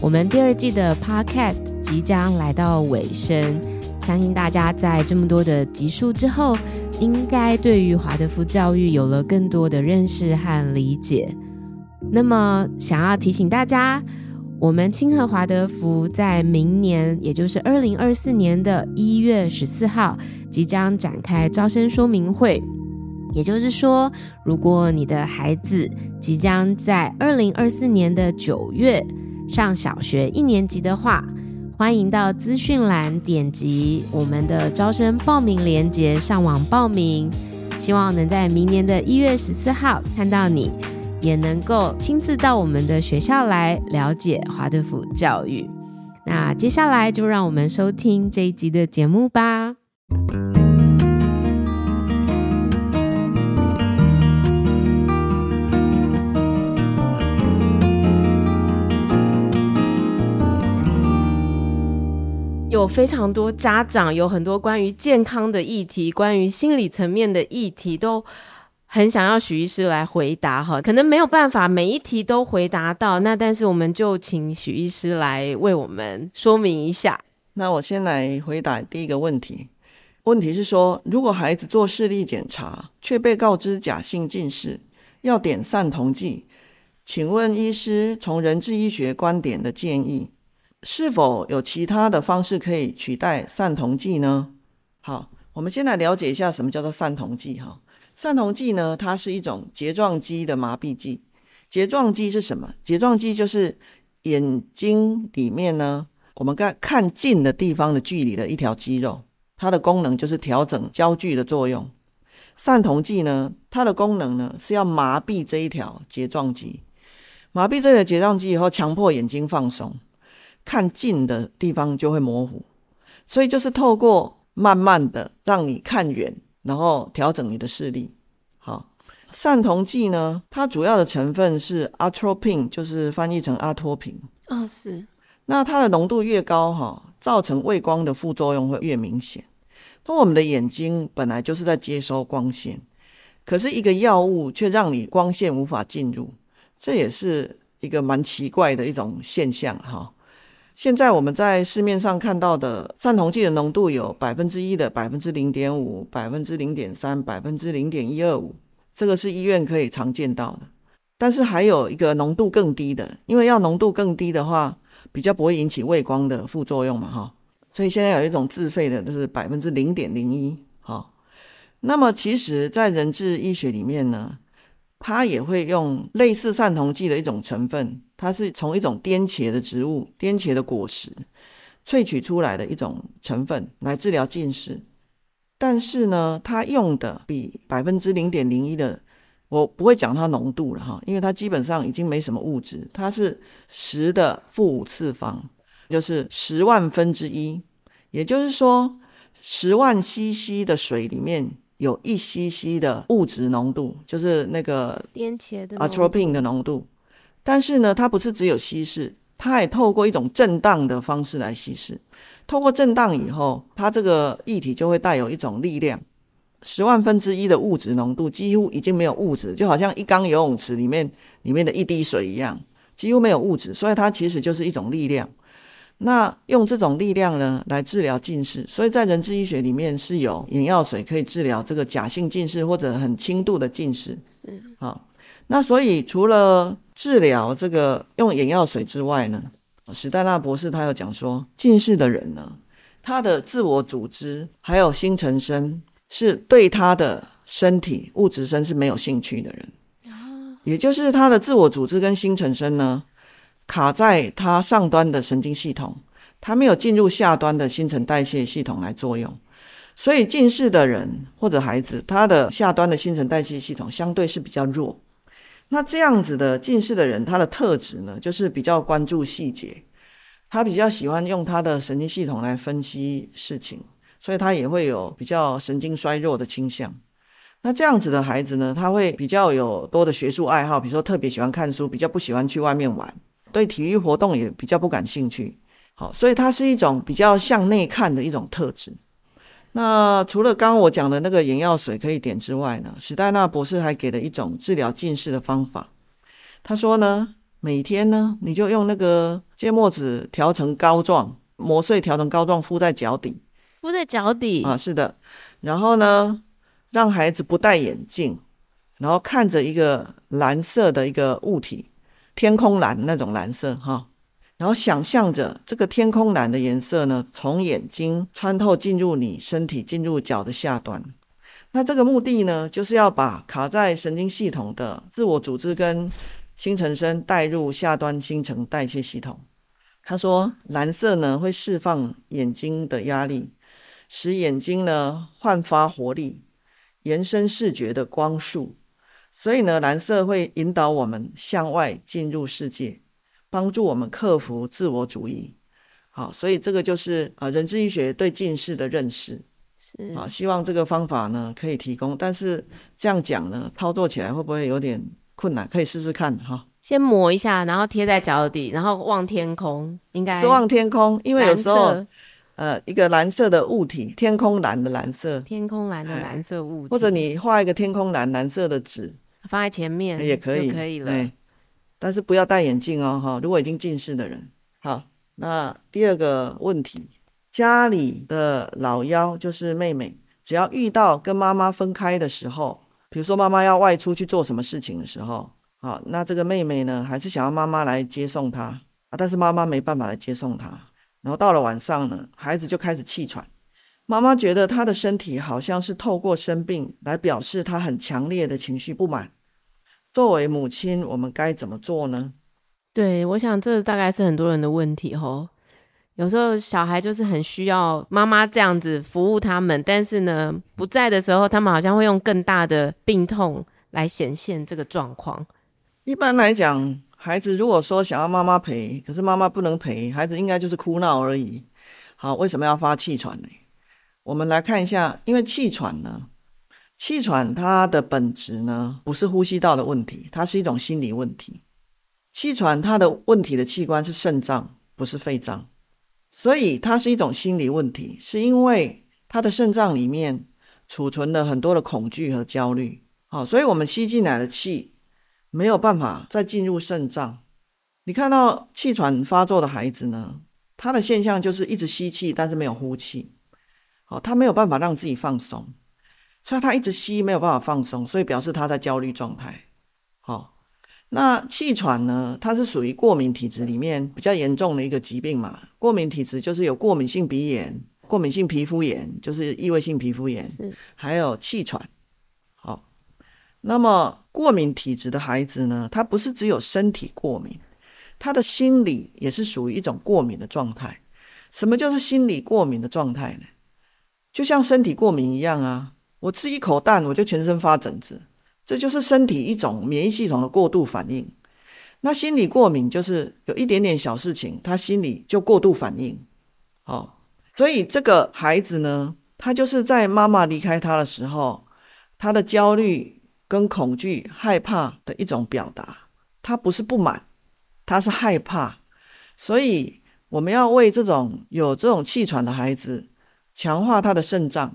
我們第二季的 Podcast 即將來到尾聲，相信大家在這麼多的集數之後，應該對於華德福教育有了更多的認識和理解。那麼，想要提醒大家，我們青禾華德福在明年，也就是二零二四年的一月十四號，即將展開招生說明會。也就是說，如果你的孩子即將在二零二四年的九月，上小學一年級的話，歡迎到資訊欄點擊我們的招生報名鏈接上網報名。希望能在明年的一月十四號看到你，也能夠親自到我們的學校來了解華德福教育。那接下來就讓我們收聽這一集的節目吧。非常多家長有很多關於健康的議題，關於心理層面的議題，都很想要許醫師來回答哈。可能沒有辦法每一題都回答到，那但是我們就請許醫師來為我們說明一下。那我先來回答第一個問題。問題是說，如果孩子做視力檢查卻被告知假性近視，要點散瞳劑，請問醫師從人智醫學觀點的建議？是否有其他的方式可以取代散瞳劑呢？好，我們先來了解一下什麼叫做散瞳劑。哈，散瞳劑呢，它是一種睫狀肌的麻痹劑。睫狀肌是什麼？睫狀肌就是眼睛裡面呢，我們看看近的地方的距離的一條肌肉，它的功能就是調整焦距的作用。散瞳劑呢，它的功能呢，是要麻痹這一條睫狀肌，麻痹這條睫狀肌以後，強迫眼睛放鬆。看近的地方就會模糊，所以就是透過慢慢的讓你看遠，然後調整你的視力。好，散瞳劑呢，它主要的成分是阿托品，就是翻譯成阿托品。啊、哦，是。那它的濃度越高，哈、哦，造成畏光的副作用會越明顯。那我們的眼睛本來就是在接收光線，可是一個藥物卻讓你光線無法進入，這也是一個蠻奇怪的一種現象，哈、哦。現在我們在市面上看到的散瞳劑的濃度有百分之一的、百分之零點五、百分之零點三、百分之零點一二五，這個是醫院可以常見到的。但是還有一個濃度更低的，因為要濃度更低的話，比較不會引起畏光的副作用嘛，哈、哦。所以現在有一種自費的，就是百分之零點零一，哈，那麼其實在人智醫學裡面呢，它也會用類似散瞳劑的一種成分。它是從一種顛茄的植物、顛茄的果實萃取出來的一種成分來治療近視，但是呢，它用的比百分之零點零一的，我不會講它濃度了哈，因為它基本上已經沒什麼物質，它是十的負五次方，就是十萬分之一，也就是說，十萬 cc 的水裡面有一 cc 的物質濃度，就是那個顛茄的 Atropine 的濃度。但是呢，它不是只有稀釋，它也透過一種震盪的方式來稀釋。透過震盪以後，它這個液體就會帶有一種力量。十萬分之一的物質濃度，幾乎已經沒有物質，就好像一缸游泳池裡面裡面的一滴水一樣，幾乎沒有物質。所以它其實就是一種力量。那用這種力量呢，來治療近視。所以在人智醫學裡面，是有眼藥水可以治療這個假性近視或者很輕度的近視。是。好，那所以除了治療這個用眼藥水之外呢，史黛納博士他又講說，近視的人呢，他的自我組織還有新陳代謝是對他的身體物質身是沒有興趣的人，也就是他的自我組織跟新陳代謝呢，卡在他上端的神經系統，他沒有進入下端的新陳代謝系統來作用，所以近視的人或者孩子，他的下端的新陳代謝系統相對是比較弱。那這樣子的近視的人，他的特質呢，就是比較關注細節，他比較喜歡用他的神經系統來分析事情，所以他也會有比較神經衰弱的傾向。那這樣子的孩子呢，他會比較有多的學術愛好，比如說特別喜歡看書，比較不喜歡去外面玩，對體育活動也比較不感興趣。好，所以他是一種比較向內看的一種特質。那除了剛剛我講的那個眼藥水可以點之外呢，史黛納博士還給了一種治療近視的方法。他說呢，每天呢，你就用那個芥末籽調成膏狀，磨碎調成膏狀，敷在腳底。敷在腳底啊，是的。然後呢，讓孩子不戴眼鏡，然後看着一個藍色的一個物體，天空藍那種藍色，哈。然後想象着這個天空藍的顏色呢，從眼睛穿透進入你身體，進入腳的下端。那這個目的呢，就是要把卡在神經系統的自我組織跟星辰身帶入下端新陳代謝系統。他說，藍色呢會釋放眼睛的壓力，使眼睛呢煥發活力，延伸視覺的光束。所以呢，藍色會引導我們向外進入世界。幫助我們克服自我主義，好，所以這個就是、呃、人智醫學對近視的認識，是啊、哦，希望這個方法呢可以提供。但是這樣講呢，操作起來會不會有點困難？可以試試看哈、哦。先磨一下，然後貼在腳底，然後望天空，應該是望天空，因為有時候呃一個藍色的物體，天空藍的藍色，天空藍的藍色物體，呃、或者你畫一個天空藍藍色的紙放在前面、呃、也可以，可以了。欸但是不要戴眼鏡哦，哈！如果已經近視的人，好，那第二個問題，家裡的老幺就是妹妹，只要遇到跟媽媽分開的時候，比如說媽媽要外出去做什麼事情的時候，好，那這個妹妹呢，還是想要媽媽來接送她啊，但是媽媽沒辦法來接送她，然後到了晚上呢，孩子就開始氣喘，媽媽覺得她的身體好像是透過生病來表示她很強烈的情緒不滿。作為母親，我們該怎麼做呢？對，我想這大概是很多人的問題哈、哦。有時候小孩就是很需要媽媽這樣子服務他們，但是呢，不在的時候，他們好像會用更大的病痛來顯現這個狀況。一般來講，孩子如果說想要媽媽陪，可是媽媽不能陪，孩子應該就是哭鬧而已。好，為什麼要發氣喘呢？我們來看一下，因為氣喘呢。氣喘，它的本質呢，不是呼吸道的問題，它是一種心理問題。氣喘，它的問題的器官是腎臟，不是肺臟，所以它是一種心理問題，是因為它的腎臟裡面儲存了很多的恐懼和焦慮。好，所以我們吸進來的氣沒有辦法再進入腎臟。你看到氣喘發作的孩子呢，他的現象就是一直吸氣，但是沒有呼氣。好，他沒有辦法讓自己放鬆。所以他一直吸，沒有辦法放鬆，所以表示他在焦慮狀態。好、哦，那氣喘呢？它是屬於過敏體質裡面比較嚴重的一個疾病嘛？過敏體質就是有過敏性鼻炎、過敏性皮膚炎，就是異位性皮膚炎，還有氣喘。好、哦，那麼過敏體質的孩子呢？他不是只有身體過敏，他的心理也是屬於一種過敏的狀態。什麼就是心理過敏的狀態呢？就像身體過敏一樣啊。我吃一口蛋，我就全身發疹子，這就是身體一種免疫系統的過度反應。那心理過敏就是有一點點小事情，他心裡就過度反應。好，哦，所以這個孩子呢，他就是在媽媽離開他的時候，他的焦慮跟恐懼、害怕的一種表達。他不是不滿，他是害怕。所以我們要為這種有這種氣喘的孩子強化他的腎臟。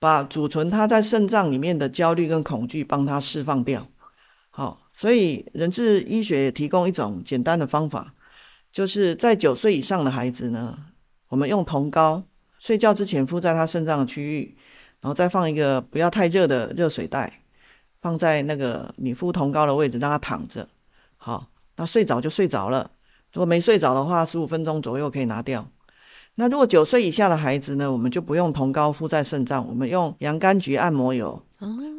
把儲存他在腎臟裡面的焦慮跟恐懼幫他釋放掉。好，所以人智醫學也提供一種簡單的方法，就是在九歲以上的孩子呢，我們用銅膏睡覺之前敷在他腎臟的區域，然後再放一個不要太熱的熱水袋，放在那個你敷銅膏的位置，讓他躺着。好，那睡着就睡着了，如果沒睡着的話，十五分鐘左右可以拿掉。那如果九歲以下的孩子呢？我們就不用銅膏，敷在腎臟，我們用洋甘菊按摩油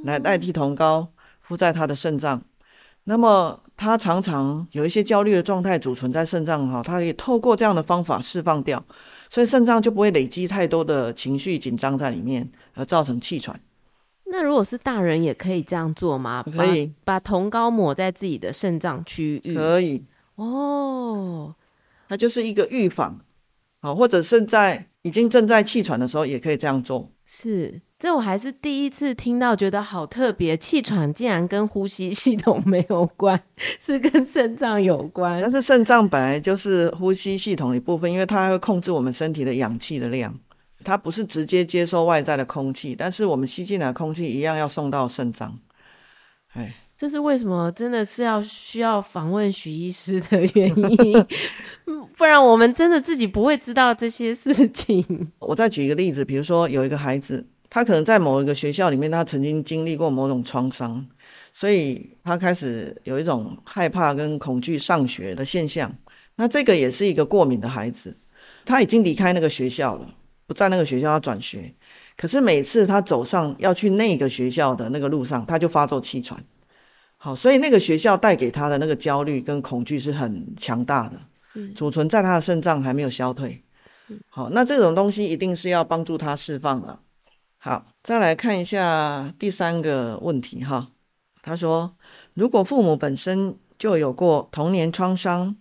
來代替銅膏敷在他的腎臟。Oh. 那麼他常常有一些焦慮的狀態儲存在腎臟哈，他可以透過這樣的方法釋放掉，所以腎臟就不會累積太多的情緒緊張在裡面而造成氣喘。那如果是大人也可以這樣做嗎？可以把銅膏抹在自己的腎臟區域。可以哦，oh. 那就是一個預防。好，或者是在已經正在氣喘的時候，也可以這樣做。是，這我還是第一次聽到，覺得好特別。氣喘竟然跟呼吸系統沒有關，是跟腎臟有關。但是腎臟本來就是呼吸系統一部分，因為它會控制我們身體的氧氣的量，它不是直接接收外在的空氣，但是我們吸進來的空氣一樣要送到腎臟。哎。這是為什麼？真的是要需要訪問許醫師的原因， 不然我們真的自己不會知道這些事情。我再舉一個例子，比如說有一個孩子，他可能在某一個學校裡面，他曾經經歷過某種創傷，所以他開始有一種害怕跟恐懼上學的現象。那這個也是一個過敏的孩子，他已經離開那個學校了，不在那個學校，要轉學。可是每次他走上要去那個學校的那個路上，他就發作氣喘。好，所以那個學校帶給他的那個焦慮跟恐懼是很強大的，嗯，儲存在他的腎臟還沒有消退。好，那這種東西一定是要幫助他釋放的。好，再來看一下第三個問題哈。他說，如果父母本身就有過童年創傷，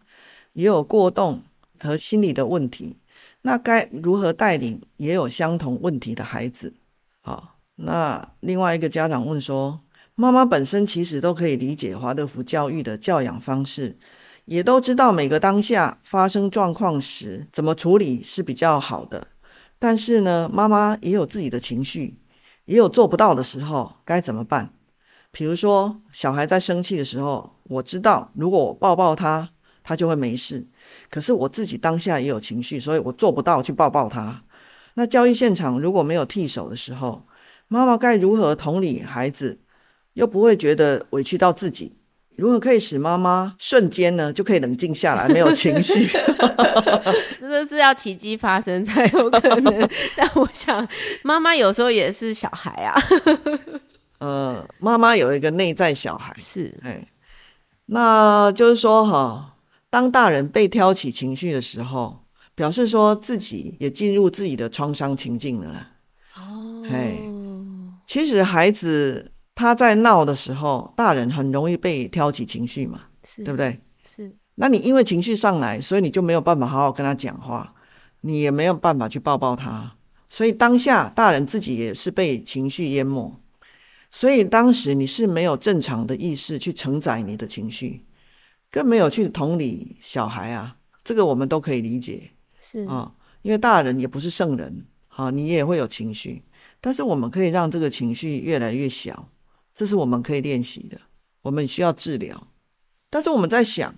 也有過動和心理的問題，那該如何帶領也有相同問題的孩子？好，那另外一個家長問說。媽媽本身其實都可以理解華德福教育的教養方式，也都知道每個當下發生狀況時怎麼處理是比較好的。但是呢，媽媽也有自己的情緒，也有做不到的時候，該怎麼辦？比如說，小孩在生氣的時候，我知道如果我抱抱他，他就會沒事。可是我自己當下也有情緒，所以我做不到去抱抱他。那教育現場如果沒有替手的時候，媽媽該如何同理孩子？又不會覺得委屈到自己。如何可以使媽媽瞬間呢，就可以冷靜下來，沒有情緒？真 的 是要奇蹟發生才有可能。 但我想，媽媽有時候也是小孩啊。嗯、 呃，媽媽有一個內在小孩是、哎、那就是說哈、哦，當大人被挑起情緒的時候，表示說自己也進入自己的創傷情境了。哦，哎，其實孩子。他在鬧的時候，大人很容易被挑起情緒嘛，對不對？是。那你因為情緒上來，所以你就沒有辦法好好跟他講話，你也沒有辦法去抱抱他，所以當下大人自己也是被情緒淹沒，所以當時你是沒有正常的意識去承載你的情緒，更沒有去同理小孩啊。這個我們都可以理解，是啊、哦，因為大人也不是聖人，好、哦，你也會有情緒，但是我們可以讓這個情緒越來越小。這是我們可以練習的，我們需要治療。但是我們在想，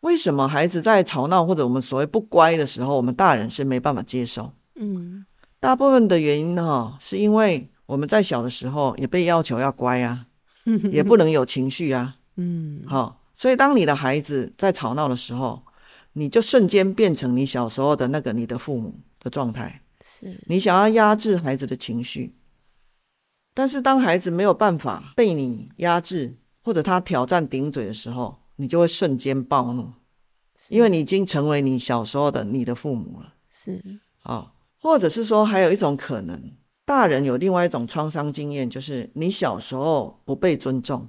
為什麼孩子在吵鬧或者我們所謂不乖的時候，我們大人是沒辦法接受？嗯，大部分的原因呢、哦，是因為我們在小的時候也被要求要乖啊， 也不能有情緒啊。嗯，好、哦，所以當你的孩子在吵鬧的時候，你就瞬間變成你小時候的那個你的父母的狀態，是你想要壓制孩子的情緒。但是，當孩子沒有辦法被你壓制，或者他挑戰頂嘴的時候，你就會瞬間暴怒，因為你已經成為你小時候的你的父母了。是啊、哦，或者是說，還有一種可能，大人有另外一種創傷經驗，就是你小時候不被尊重，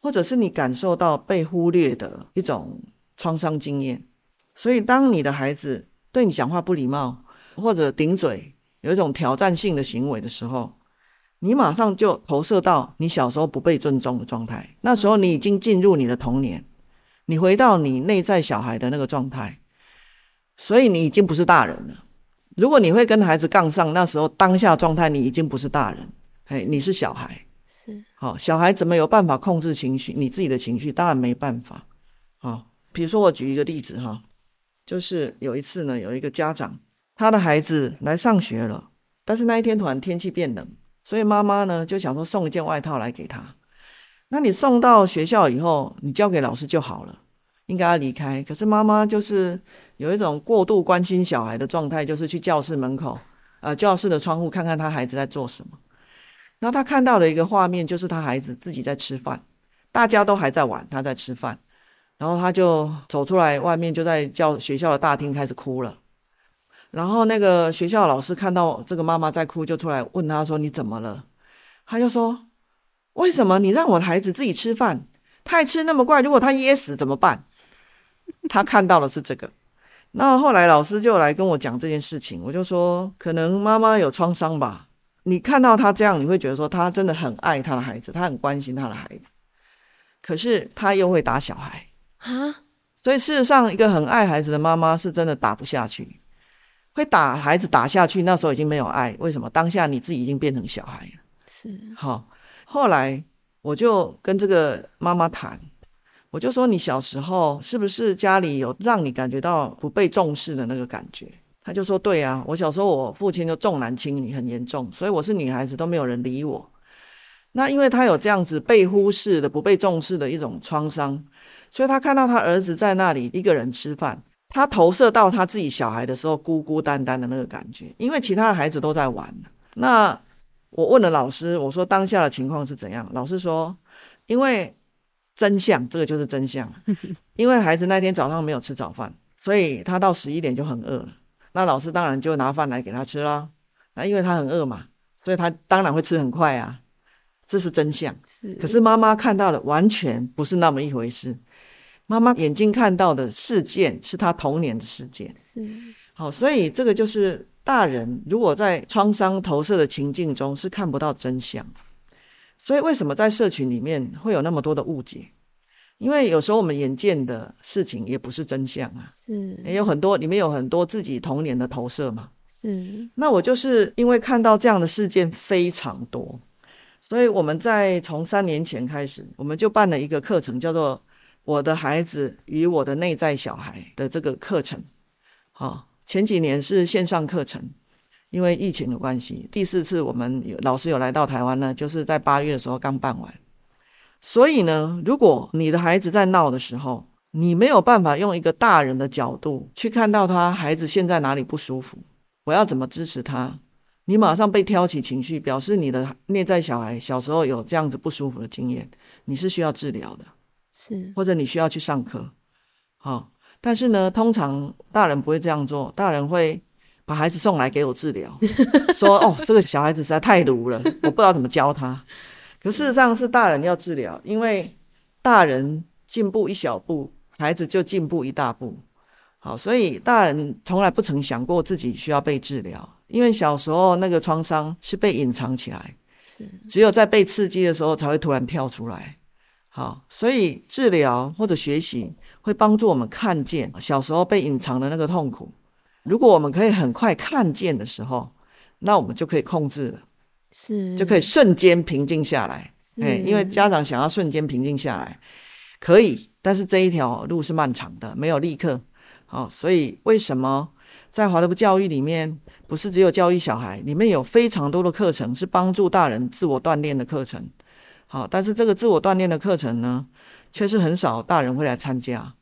或者是你感受到被忽略的一種創傷經驗。所以，當你的孩子對你講話不禮貌，或者頂嘴，有一種挑戰性的行為的時候，你馬上就投射到你小時候不被尊重的狀態，那時候你已經進入你的童年，你回到你內在小孩的那個狀態，所以你已經不是大人了。如果你會跟孩子槓上，那時候當下狀態你已經不是大人，嘿，你是小孩，是。好，小孩怎麼有辦法控制情緒？你自己的情緒當然沒辦法。好，比如說我舉一個例子哈，就是有一次呢，有一個家長他的孩子來上學了，但是那一天突然天氣變冷。所以媽媽呢就想說送一件外套來給他，那你送到學校以後，你交給老師就好了，應該要離開。可是媽媽就是有一種過度關心小孩的狀態，就是去教室門口，呃，教室的窗戶看看他孩子在做什麼。那他看到的一個畫面就是他孩子自己在吃飯，大家都還在玩，他在吃飯，然後他就走出來，外面就在教學校的大廳開始哭了。然後那個學校老師看到這個媽媽在哭，就出來問她說：“你怎麼了？”她就說：“為什麼你讓我的孩子自己吃飯？太吃那麼快，如果他噎死怎麼辦？”她看到的是這個。那後，後來老師就來跟我講這件事情，我就說：“可能媽媽有創傷吧？你看到她這樣，你會覺得說她真的很愛她的孩子，她很關心她的孩子，可是她又會打小孩啊？所以事實上，一個很愛孩子的媽媽是真的打不下去。”會打孩子打下去，那時候已經沒有愛。為什麼？當下你自己已經變成小孩了。是，好。後來我就跟這個媽媽談，我就說，你小時候是不是家裡有讓你感覺到不被重視的那個感覺？他就說對啊，我小時候我父親就重男輕女很嚴重，所以我是女孩子都沒有人理我。那因為他有這樣子被忽視的、不被重視的一種創傷，所以他看到他兒子在那裡一個人吃飯。他投射到他自己小孩的時候，孤孤單單的那個感覺，因為其他的孩子都在玩。那我問了老師，我說當下的情況是怎樣？老師說，因為真相，這個就是真相。因為孩子那天早上沒有吃早飯，所以他到十一點就很餓了。那老師當然就拿飯來給他吃啦。那因為他很餓嘛，所以他當然會吃很快啊。這是真相，是。可是媽媽看到了，完全不是那麼一回事。媽媽眼睛看到的事件是他童年的事件，是，好，所以這個就是大人如果在創傷投射的情境中是看不到真相。所以為什麼在社群裡面會有那麼多的誤解？因為有時候我們眼見的事情也不是真相啊，是也、哎、有很多裡面有很多自己童年的投射嘛，是。那我就是因為看到這樣的事件非常多，所以我們在從三年前開始，我們就辦了一個課程，叫做。我的孩子與我的內在小孩的這個課程，好，前幾年是線上課程，因為疫情的關係。第四次我們有老師有來到台灣呢，就是在八月的時候剛辦完。所以呢，如果你的孩子在鬧的時候，你沒有辦法用一個大人的角度去看到他孩子現在哪裡不舒服，我要怎麼支持他？你馬上被挑起情緒，表示你的內在小孩小時候有這樣子不舒服的經驗，你是需要治療的。是，或者你需要去上課，好、哦，但是呢，通常大人不會這樣做，大人會把孩子送來給我治療， 說哦，這個小孩子實在太盧了， 我不知道怎麼教他。可事實上是大人要治療，因為大人進步一小步，孩子就進步一大步，好、哦，所以大人從來不曾想過自己需要被治療，因為小時候那個創傷是被隱藏起來，是，只有在被刺激的時候才會突然跳出來。好，所以治療或者學習會幫助我們看見小時候被隱藏的那個痛苦。如果我們可以很快看見的時候，那我們就可以控制了，是就可以瞬間平靜下來。哎、欸，因為家長想要瞬間平靜下來，可以，但是這一條路是漫長的，沒有立刻。好，所以為什麼在華德福教育裡面，不是只有教育小孩，裡面有非常多的課程是幫助大人自我鍛鍊的課程。好，但是這個自我鍛鍊的課程呢，確實很少大人會來參加。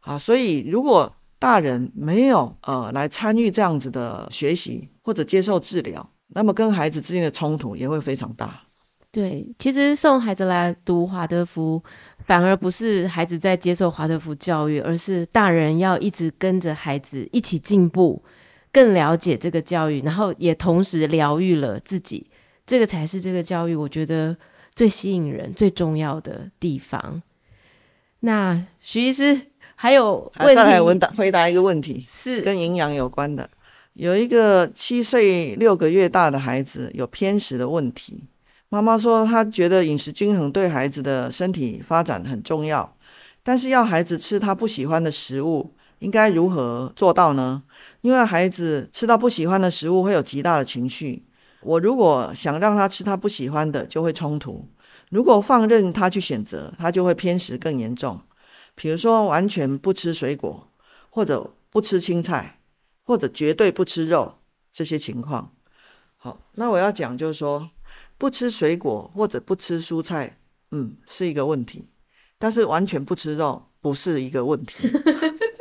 好，所以如果大人沒有呃來參與這樣子的學習或者接受治療，那麼跟孩子之間的衝突也會非常大。對，其實送孩子來讀華德福，反而不是孩子在接受華德福教育，而是大人要一直跟着孩子一起進步，更了解這個教育，然後也同時療癒了自己。這個才是這個教育，我覺得。最吸引人、最重要的地方。那許醫師還有問題，我、啊、答回答一個問題，是跟營養有關的。有一個七歲六個月大的孩子有偏食的問題，媽媽說她覺得飲食均衡對孩子的身體發展很重要，但是要孩子吃他不喜歡的食物，應該如何做到呢？因為孩子吃到不喜歡的食物會有極大的情緒。我如果想讓他吃他不喜歡的，就會衝突；如果放任他去選擇，他就會偏食更嚴重。比如說，完全不吃水果，或者不吃青菜，或者絕對不吃肉，這些情況。好，那我要講就是說，不吃水果或者不吃蔬菜，嗯，是一個問題；但是完全不吃肉，不是一個問題。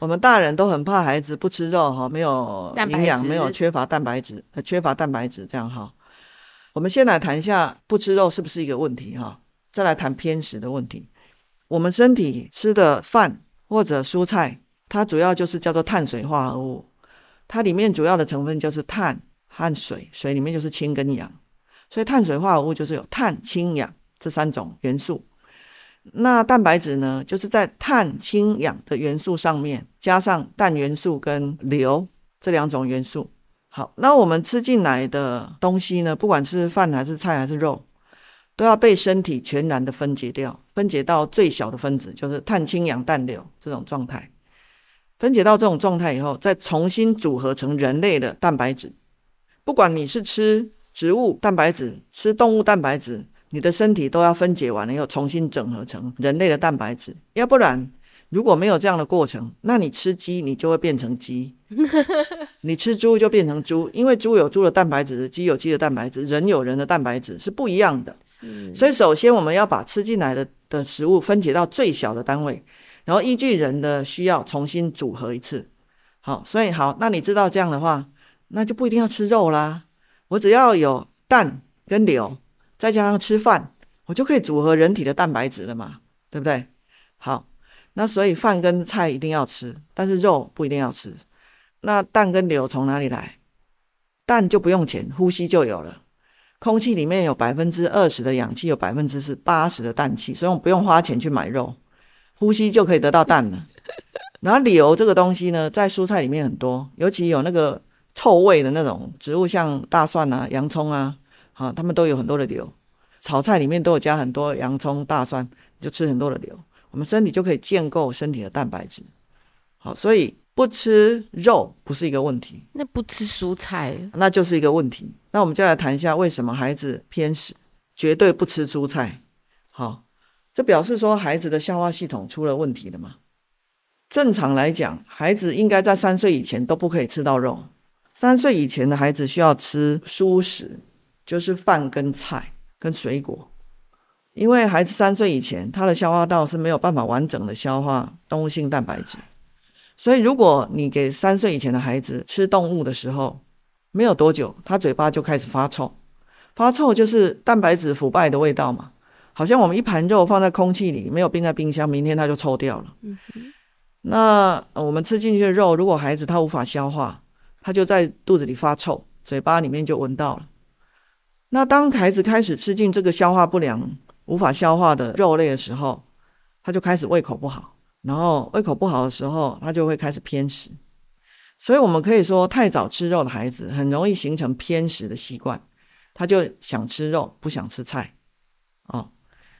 我們大人都很怕孩子不吃肉哈，沒有營養，沒有缺乏蛋白質，缺乏蛋白質這樣哈。我們先來談一下不吃肉是不是一個問題哈，再來談偏食的問題。我們身體吃的飯或者蔬菜，它主要就是叫做碳水化合物，它裡面主要的成分就是碳和水，水裡面就是氫跟氧，所以碳水化合物就是有碳、氫、氧這三種元素。那蛋白質呢，就是在碳、氫、氧的元素上面加上氮元素跟硫這兩種元素。好，那我們吃進來的東西呢，不管是飯還是菜還是肉，都要被身體全然的分解掉，分解到最小的分子，就是碳、氫、氧、氮、硫這種狀態。分解到這種狀態以後，再重新組合成人類的蛋白質。不管你是吃植物蛋白質，吃動物蛋白質。你的身體都要分解完了，又重新整合成人類的蛋白質。要不然，如果沒有這樣的過程，那你吃雞，你就會變成雞； 你吃豬，就變成豬。因為豬有豬的蛋白質，雞有雞的蛋白質，人有人的蛋白質是不一樣的。所以，首先我們要把吃進來的的食物分解到最小的單位，然後依據人的需要重新組合一次。好，所以好，那你知道這樣的話，那就不一定要吃肉啦。我只要有蛋跟牛，再加上吃飯，我就可以組合人體的蛋白質了嘛，對不對？好，那所以飯跟菜一定要吃，但是肉不一定要吃。那氮跟硫從哪裡來？氮就不用錢，呼吸就有了，空氣裡面有百分之二十的氧氣，有百分之是八十的氮氣，所以我們不用花錢去買肉，呼吸就可以得到氮了。 然後硫這個東西呢，在蔬菜裡面很多，尤其有那個臭味的那種植物，像大蒜啊、洋蔥啊。啊，他們都有很多的硫，炒菜裡面都有加很多洋蔥、大蒜，你就吃很多的硫，我們身體就可以建構身體的蛋白質。好，所以不吃肉不是一個問題。那不吃蔬菜，那就是一個問題。那我們就來談一下，為什麼孩子偏食，絕對不吃蔬菜？好，這表示說孩子的消化系統出了問題了嗎？正常來講，孩子應該在三歲以前都不可以吃到肉，三歲以前的孩子需要吃蔬食。就是飯跟菜跟水果，因為孩子三歲以前，他的消化道是沒有辦法完整的消化動物性蛋白質，所以如果你給三歲以前的孩子吃動物的時候，沒有多久，他嘴巴就開始發臭，發臭就是蛋白質腐敗的味道嘛，好像我們一盤肉放在空氣裡，沒有冰在冰箱，明天它就臭掉了。那我們吃進去的肉，如果孩子他無法消化，他就在肚子裡發臭，嘴巴裡面就聞到了。那當孩子開始吃進這個消化不良、無法消化的肉類的時候，他就開始胃口不好，然後胃口不好的時候，他就會開始偏食。所以我們可以說，太早吃肉的孩子很容易形成偏食的習慣，他就想吃肉，不想吃菜。哦，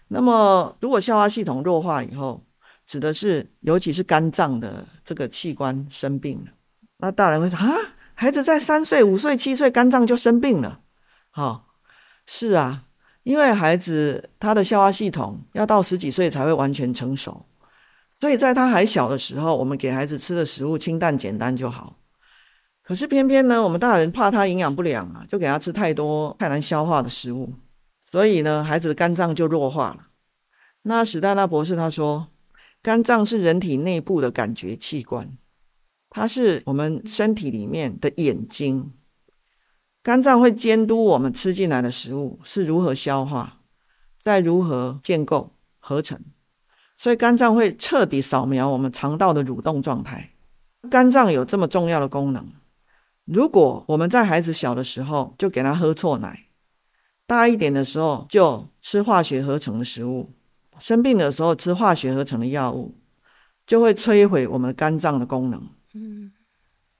那麼如果消化系統弱化以後，指的是，尤其是肝臟的這個器官生病了，那大人會說啊，孩子在三歲、五歲、七歲，肝臟就生病了，好、哦。是啊，因為孩子他的消化系統要到十幾歲才會完全成熟，所以在他還小的時候，我們給孩子吃的食物清淡簡單就好。可是偏偏呢，我們大人怕他營養不良啊，就給他吃太多太難消化的食物，所以呢，孩子的肝臟就弱化了。那史戴納博士他說，肝臟是人體內部的感覺器官，它是我們身體裡面的眼睛。肝臟會監督我們吃進來的食物是如何消化，再如何建構合成，所以肝臟會徹底掃描我們腸道的蠕動狀態。肝臟有這麼重要的功能，如果我們在孩子小的時候就給他喝錯奶，大一點的時候就吃化學合成的食物，生病的時候吃化學合成的藥物，就會摧毀我們肝臟的功能。嗯，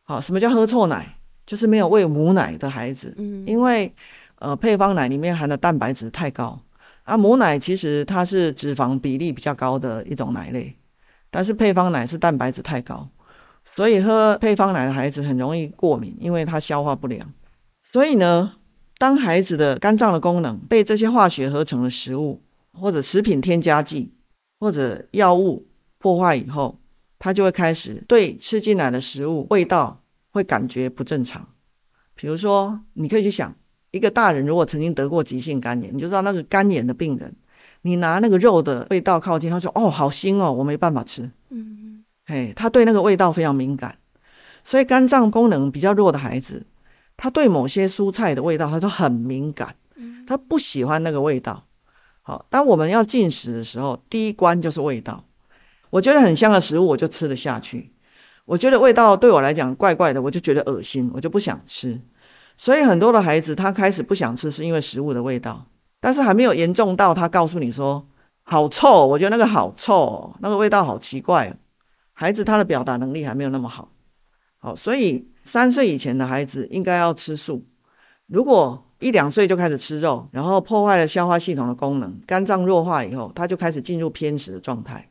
好，什麼叫喝錯奶？就是沒有餵母奶的孩子，因為呃配方奶裡面含的蛋白質太高啊，母奶其實它是脂肪比例比較高的一種奶類，但是配方奶是蛋白質太高，所以喝配方奶的孩子很容易過敏，因為它消化不良。所以呢，當孩子的肝臟的功能被這些化學合成的食物或者食品添加劑或者藥物破壞以後，他就會開始對吃進來的食物味道。會感覺不正常，比如說，你可以去想，一個大人如果曾經得過急性肝炎，你就知道那個肝炎的病人，你拿那個肉的味道靠近，他就說：“哦，好腥哦，我沒辦法吃。”嗯，嘿，他對那個味道非常敏感，所以肝臟功能比較弱的孩子，他對某些蔬菜的味道，他都很敏感，他不喜歡那個味道。好，當我們要進食的時候，第一關就是味道，我覺得很香的食物，我就吃得下去。我覺得味道對我來講怪怪的，我就覺得噁心，我就不想吃。所以很多的孩子他開始不想吃，是因為食物的味道，但是還沒有嚴重到他告訴你說“好臭”，我覺得那個好臭，那個味道好奇怪。孩子他的表達能力還沒有那麼好，好，所以三歲以前的孩子應該要吃素。如果一兩歲就開始吃肉，然後破壞了消化系統的功能，肝臟弱化以後，他就開始進入偏食的狀態。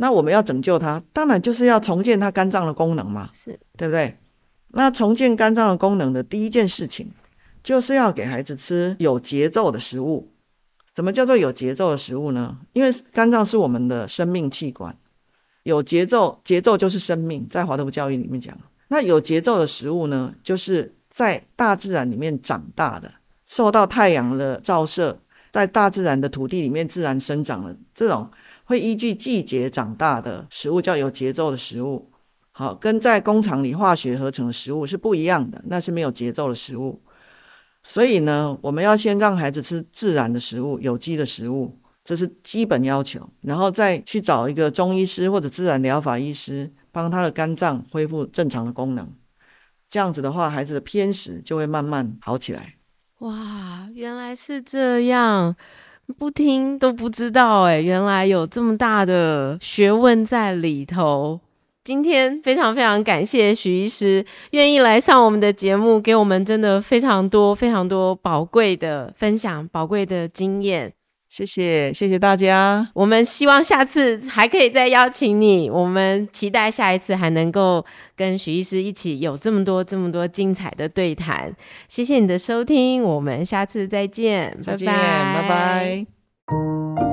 那我們要拯救它，當然就是要重建它肝臟的功能嘛，是對不對？那重建肝臟的功能的第一件事情，就是要給孩子吃有節奏的食物。什麼叫做有節奏的食物呢？因為肝臟是我們的生命器官，有節奏，節奏就是生命。在華德福教育裡面講，那有節奏的食物呢，就是在大自然裡面長大的，受到太陽的照射，在大自然的土地裡面自然生長的這種。會依據季節長大的食物叫有節奏的食物，好，跟在工廠裡化學合成的食物是不一樣的，那是沒有節奏的食物。所以呢，我們要先讓孩子吃自然的食物、有機的食物，這是基本要求。然後再去找一個中醫師或者自然療法醫師，幫他的肝臟恢復正常的功能。這樣子的話，孩子的偏食就會慢慢好起來。哇，原來是這樣。不聽都不知道誒，原來有這麼大的學問在裡頭。今天非常非常感謝許醫師願意來上我們的節目，給我們真的非常多非常多寶貴的分享，寶貴的經驗。謝謝，謝謝大家。我們希望下次還可以再邀請你，我們期待下一次還能夠跟許醫師一起有這麼多，這麼多精彩的對談。謝謝你的收聽，我們下次再見，拜拜，下次再見，拜拜。拜拜。